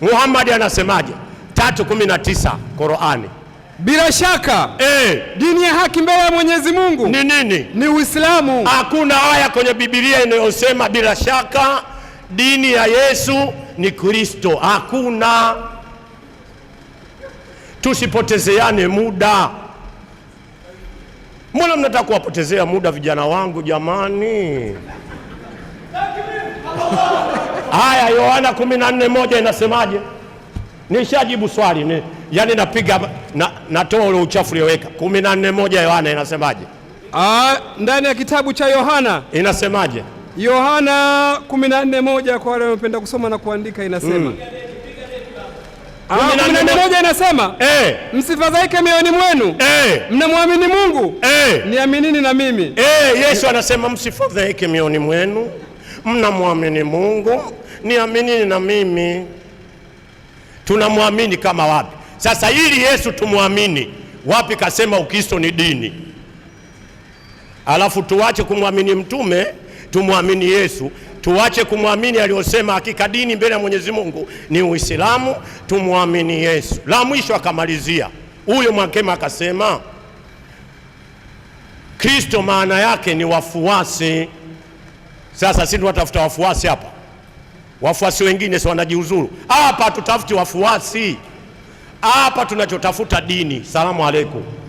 Muhammad anasemaje? 3:19 Qur'ani. Bila shaka e, dini ya haki mbele ya Mwenyezi Mungu ni nini? Ni Uislamu. Hakuna aya kwenye Biblia inayosema bila shaka dini ya Yesu ni Kristo. Hakuna. Tusipotezeane muda. Mbona mnataka kuwapotezea muda vijana wangu jamani? Haya, Yohana 14:1 inasemaje? Nishajibu swali ni, yani napiga na, natoa ule uchafu ulioweka. 14:1 Yohana inasemaje? Ah, ndani ya kitabu cha Yohana inasemaje? Yohana 14:1 kwa wale wanaopenda kusoma na kuandika inasema mm. Moja inasema eh, msifadhaike mioyoni mwenu eh, mnamwamini Mungu eh, niaminini na mimi eh. Yesu anasema msifadhaike mioyoni mwenu, mnamwamini Mungu niaminini na mimi. Tunamwamini kama wapi? Sasa ili Yesu tumwamini wapi? Kasema Ukristo ni dini, alafu tuache kumwamini mtume tumwamini Yesu, tuache kumwamini aliyosema, hakika dini mbele ya Mwenyezi Mungu ni Uislamu, tumwamini Yesu. La mwisho akamalizia huyo Mwakema akasema Kristo maana yake ni wafuasi. Sasa sisi tunatafuta wafuasi hapa wafuasi wengine si wanajiuzuru. Hapa tutafuti wafuasi hapa, tunachotafuta dini. Salamu alaikum.